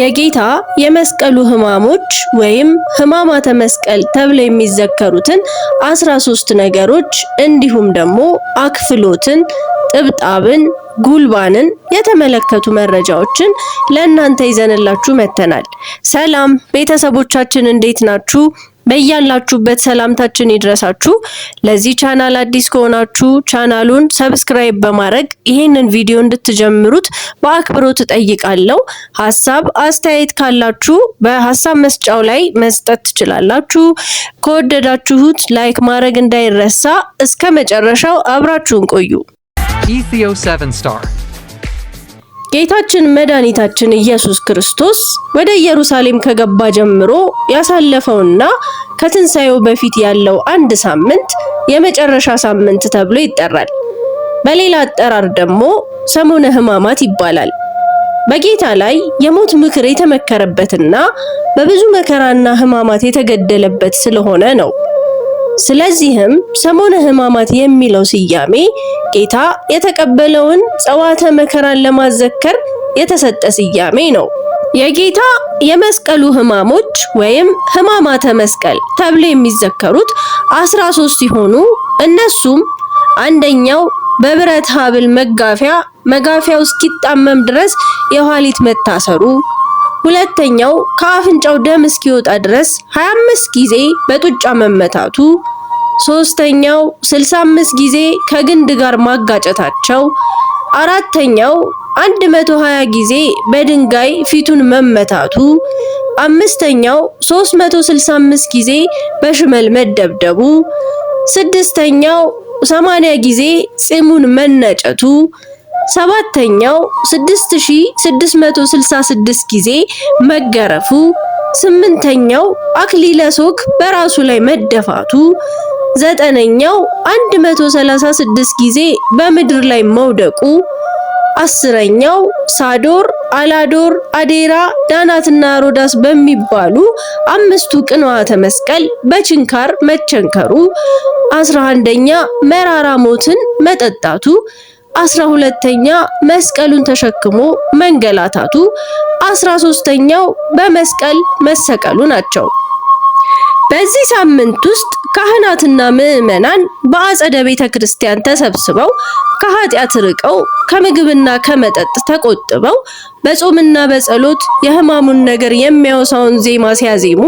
የጌታ የመስቀሉ ህማሞች ወይም ህማማተ መስቀል ተብለው የሚዘከሩትን አስራ ሶስት ነገሮች እንዲሁም ደግሞ አክፍሎትን፣ ጥብጣብን፣ ጉልባንን የተመለከቱ መረጃዎችን ለእናንተ ይዘንላችሁ መጥተናል። ሰላም ቤተሰቦቻችን እንዴት ናችሁ? በያላችሁበት ሰላምታችን ይድረሳችሁ። ለዚህ ቻናል አዲስ ከሆናችሁ ቻናሉን ሰብስክራይብ በማድረግ ይህንን ቪዲዮ እንድትጀምሩት በአክብሮት እጠይቃለሁ። ሀሳብ አስተያየት ካላችሁ በሀሳብ መስጫው ላይ መስጠት ትችላላችሁ። ከወደዳችሁት ላይክ ማድረግ እንዳይረሳ። እስከ መጨረሻው አብራችሁን ቆዩ። ኢትዮ 7 ስታር ጌታችን መድኃኒታችን ኢየሱስ ክርስቶስ ወደ ኢየሩሳሌም ከገባ ጀምሮ ያሳለፈውና ከትንሣኤው በፊት ያለው አንድ ሳምንት የመጨረሻ ሳምንት ተብሎ ይጠራል። በሌላ አጠራር ደግሞ ሰሙነ ሕማማት ይባላል። በጌታ ላይ የሞት ምክር የተመከረበትና በብዙ መከራና ሕማማት የተገደለበት ስለሆነ ነው። ስለዚህም ሰሞነ ሕማማት የሚለው ስያሜ ጌታ የተቀበለውን ጸዋተ መከራን ለማዘከር የተሰጠ ስያሜ ነው። የጌታ የመስቀሉ ሕማሞች ወይም ሕማማተ መስቀል ተብለው የሚዘከሩት አስራ ሲሆኑ እነሱም አንደኛው በብረት ሐብል መጋፊያ መጋፊያው እስኪጣመም ድረስ የኋሊት መታሰሩ ሁለተኛው ከአፍንጫው ደም እስኪወጣ ድረስ 25 ጊዜ በጡጫ መመታቱ፣ ሶስተኛው 65 ጊዜ ከግንድ ጋር ማጋጨታቸው፣ አራተኛው 120 ጊዜ በድንጋይ ፊቱን መመታቱ፣ አምስተኛው 365 ጊዜ በሽመል መደብደቡ፣ ስድስተኛው 80 ጊዜ ፂሙን መነጨቱ ሰባተኛው 6666 ጊዜ መገረፉ፣ ስምንተኛው አክሊለ ሶክ በራሱ ላይ መደፋቱ፣ ዘጠነኛው 136 ጊዜ በምድር ላይ መውደቁ፣ አስረኛው ሳዶር፣ አላዶር፣ አዴራ፣ ዳናትና ሮዳስ በሚባሉ አምስቱ ቅንዋተ መስቀል በችንካር መቸንከሩ፣ አስራ አንደኛ መራራ ሞትን መጠጣቱ አስራ ሁለተኛ መስቀሉን ተሸክሞ መንገላታቱ፣ አስራ ሶስተኛው በመስቀል መሰቀሉ ናቸው። በዚህ ሳምንት ውስጥ ካህናትና ምዕመናን በአጸደ ቤተ ክርስቲያን ተሰብስበው ከኃጢአት ርቀው ከምግብና ከመጠጥ ተቆጥበው በጾምና በጸሎት የህማሙን ነገር የሚያወሳውን ዜማ ሲያዜሙ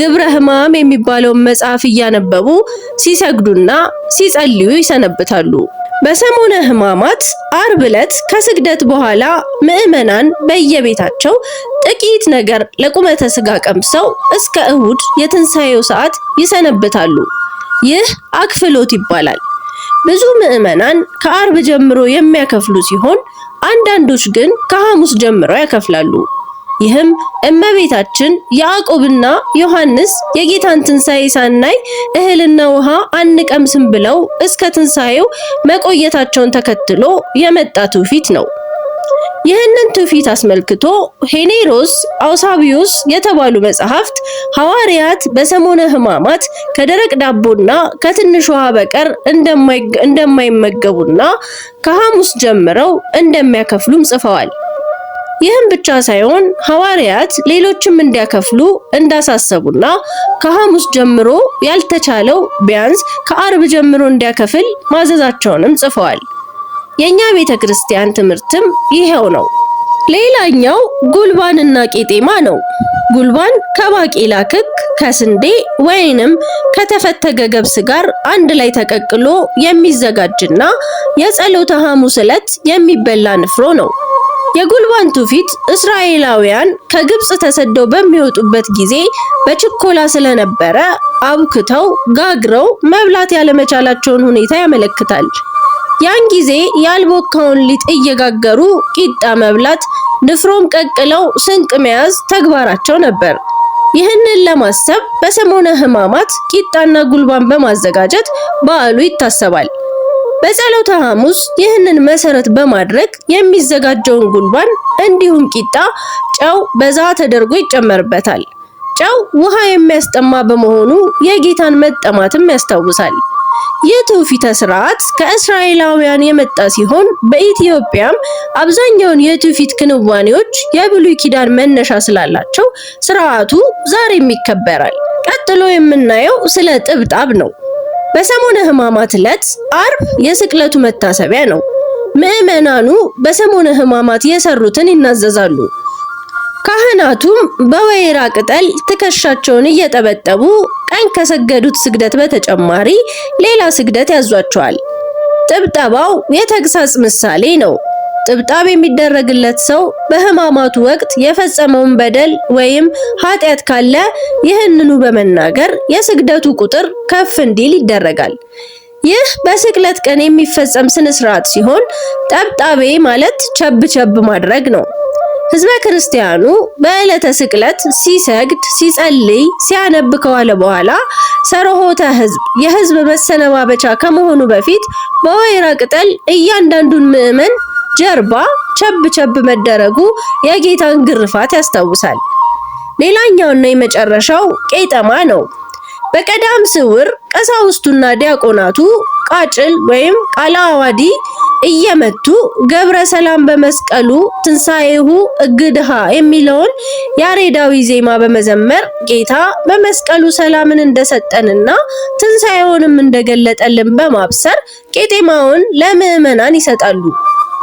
ግብረ ህማም የሚባለውን መጽሐፍ እያነበቡ ሲሰግዱና ሲጸልዩ ይሰነብታሉ። በሰሞነ ህማማት አርብ ዕለት ከስግደት በኋላ ምዕመናን በየቤታቸው ጥቂት ነገር ለቁመተ ስጋ ቀምሰው እስከ እሁድ የትንሣኤው ሰዓት ይሰነብታሉ። ይህ አክፍሎት ይባላል። ብዙ ምዕመናን ከአርብ ጀምሮ የሚያከፍሉ ሲሆን አንዳንዶች ግን ከሐሙስ ጀምረው ያከፍላሉ። ይህም እመቤታችን ያዕቆብና ዮሐንስ የጌታን ትንሣኤ ሳናይ እህልና ውሃ አንቀምስም ብለው እስከ ትንሣኤው መቆየታቸውን ተከትሎ የመጣ ትውፊት ነው። ይህንን ትውፊት አስመልክቶ ሄኔሮስ አውሳቢዮስ የተባሉ መጽሐፍት ሐዋርያት በሰሞነ ሕማማት ከደረቅ ዳቦና ከትንሽ ውሃ በቀር እንደማይመገቡና ከሐሙስ ጀምረው እንደሚያከፍሉም ጽፈዋል። ይህም ብቻ ሳይሆን ሐዋርያት ሌሎችም እንዲያከፍሉ እንዳሳሰቡና ከሐሙስ ጀምሮ ያልተቻለው ቢያንስ ከአርብ ጀምሮ እንዲያከፍል ማዘዛቸውንም ጽፈዋል። የእኛ ቤተ ክርስቲያን ትምህርትም ይሄው ነው። ሌላኛው ጉልባንና ቄጤማ ነው። ጉልባን ከባቄላ ክክ፣ ከስንዴ ወይንም ከተፈተገ ገብስ ጋር አንድ ላይ ተቀቅሎ የሚዘጋጅና የጸሎተ ሐሙስ ዕለት የሚበላ ንፍሮ ነው። የጉልባን ትውፊት እስራኤላውያን ከግብፅ ተሰደው በሚወጡበት ጊዜ በችኮላ ስለነበረ አብክተው ጋግረው መብላት ያለመቻላቸውን ሁኔታ ያመለክታል። ያን ጊዜ ያልቦካውን ሊጥ እየጋገሩ ቂጣ መብላት፣ ንፍሮም ቀቅለው ስንቅ መያዝ ተግባራቸው ነበር። ይህንን ለማሰብ በሰሞነ ሕማማት ቂጣና ጉልባን በማዘጋጀት በዓሉ ይታሰባል። በጸሎተ ሐሙስ ይህንን መሰረት በማድረግ የሚዘጋጀውን ጉልባን እንዲሁም ቂጣ ጨው በዛ ተደርጎ ይጨመርበታል። ጨው ውሃ የሚያስጠማ በመሆኑ የጌታን መጠማትም ያስታውሳል። የትውፊተ ስርዓት ከእስራኤላውያን የመጣ ሲሆን በኢትዮጵያም አብዛኛውን የትውፊት ክንዋኔዎች የብሉይ ኪዳን መነሻ ስላላቸው ስርዓቱ ዛሬም ይከበራል። ቀጥሎ የምናየው ስለ ጥብጣብ ነው። በሰሞነ ሕማማት ዕለት አርብ የስቅለቱ መታሰቢያ ነው። ምዕመናኑ በሰሞነ ሕማማት የሰሩትን ይናዘዛሉ። ካህናቱም በወይራ ቅጠል ትከሻቸውን እየጠበጠቡ ቀን ከሰገዱት ስግደት በተጨማሪ ሌላ ስግደት ያዟቸዋል። ጥብጠባው የተግሳጽ ምሳሌ ነው። ጥብጣብ የሚደረግለት ሰው በሕማማቱ ወቅት የፈጸመውን በደል ወይም ኃጢአት ካለ ይህንኑ በመናገር የስግደቱ ቁጥር ከፍ እንዲል ይደረጋል። ይህ በስቅለት ቀን የሚፈጸም ስነ ስርዓት ሲሆን ጠብጣቤ ማለት ቸብ ቸብ ማድረግ ነው። ህዝበ ክርስቲያኑ በዕለተ ስቅለት ሲሰግድ፣ ሲጸልይ፣ ሲያነብ ከዋለ በኋላ ሰረሆተ ህዝብ የህዝብ መሰነባበቻ ከመሆኑ በፊት በወይራ ቅጠል እያንዳንዱን ምዕመን ጀርባ ቸብ ቸብ መደረጉ የጌታን ግርፋት ያስታውሳል። ሌላኛውና የመጨረሻው ቄጠማ ነው። በቀዳም ስውር ቀሳውስቱና ዲያቆናቱ ቃጭል ወይም ቃለ አዋዲ። እየመቱ ገብረ ሰላም በመስቀሉ ትንሣኤሁ እግድሃ የሚለውን ያሬዳዊ ዜማ በመዘመር ጌታ በመስቀሉ ሰላምን እንደሰጠንና ትንሣኤውንም እንደገለጠልን በማብሰር ቄጤማውን ለምዕመናን ይሰጣሉ።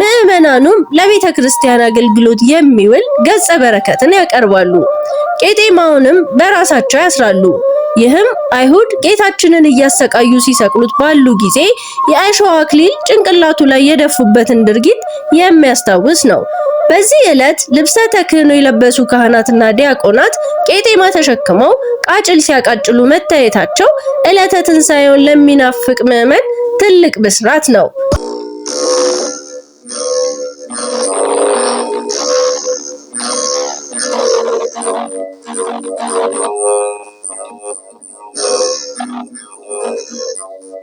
ምዕመናኑም ለቤተ ክርስቲያን አገልግሎት የሚውል ገጸ በረከትን ያቀርባሉ። ቄጤማውንም በራሳቸው ያስራሉ። ይህም አይሁድ ጌታችንን እያሰቃዩ ሲሰቅሉት ባሉ ጊዜ የአሸዋ አክሊል ጭንቅላቱ ላይ የደፉበትን ድርጊት የሚያስታውስ ነው። በዚህ ዕለት ልብሰ ተክህኖ የለበሱ ካህናትና ዲያቆናት ቄጤማ ተሸክመው ቃጭል ሲያቃጭሉ መታየታቸው ዕለተ ትንሣኤውን ለሚናፍቅ ምዕመን ትልቅ ብስራት ነው። Thank you.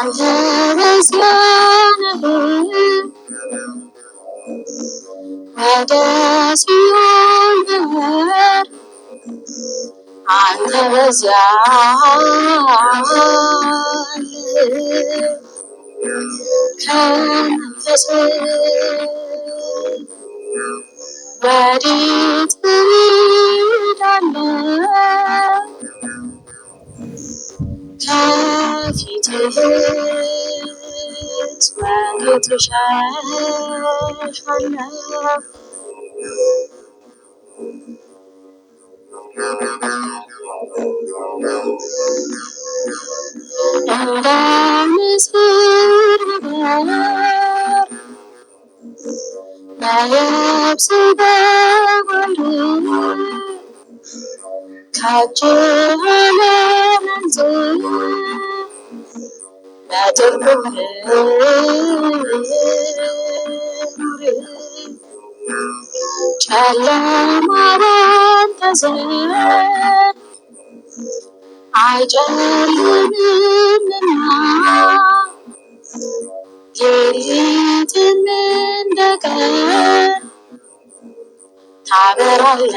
My heart is burning. I guess you are the head. I desire. Come visit. Ready to lead a man. Have you days when you wish I from now? And I'm so good My አልቻልኩም ጨለማን ተዘን አይጨልምና ሌሊትን እንደ ቀን ታበራለችና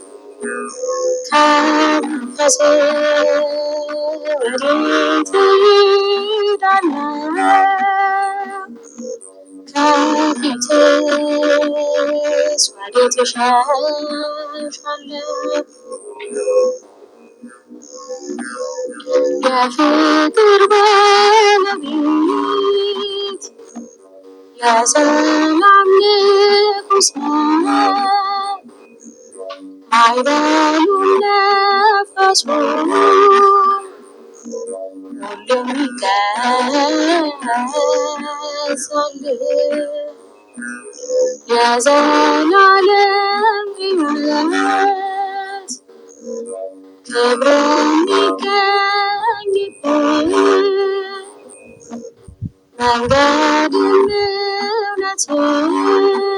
ከንፈሴ ወዴት ይሄዳል? ከፊትስ ወዴት እሸሻለሁ? የፍቅር ባለቤት የሰላም ንጉሥ አይበሉም ነፋሱ ሁሉም ይቀሳል የዘላለም ሕይወት ክብር የሚገኝበት መንገድም እውነትም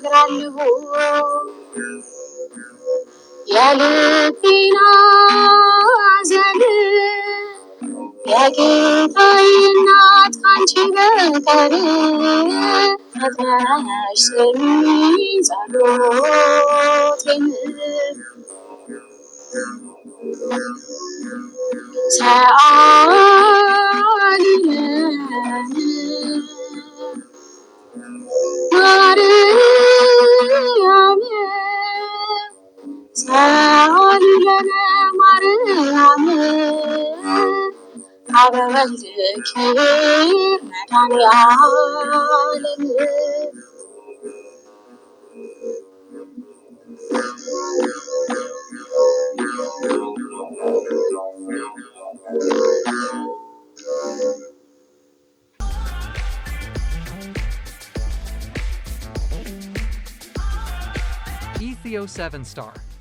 grande volo e ali final a zender e aqui foi Ethio 7 Star